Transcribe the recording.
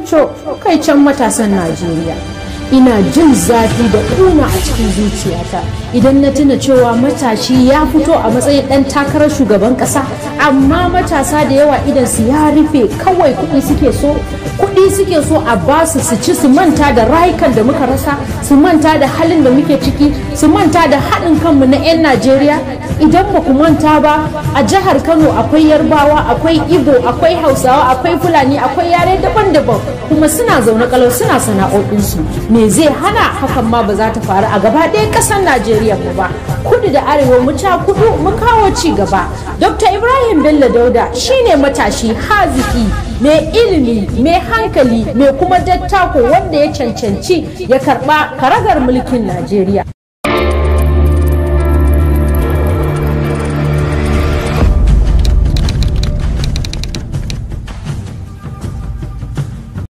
kai kaicen matasan najeriya ina jin zafi da kuna a cikin zuciyata idan na tuna cewa matashi ya fito a matsayin dan takarar shugaban kasa amma matasa da yawa idan su ya rufe kawai kuɗi suke so kuɗi suke so a ba su su ci su manta da rayukan da muka rasa su manta da halin da muke ciki su manta da haɗin kanmu na 'yan najeriya idan ba ku manta ba a jihar kano akwai yarbawa akwai Igbo, akwai hausawa akwai fulani akwai yare daban-daban kuma suna zaune kalau suna sana'o'insu me zai hana hakan ma ba za ta faru a gaba ɗaya ƙasar najeriya ba kudu da arewa mu ta kudu mu kawo ci gaba dr ibrahim bello dauda shine matashi haziki mai ilimi mai hankali mai kuma dattako wanda ya cancanci ya karba karagar mulkin najeriya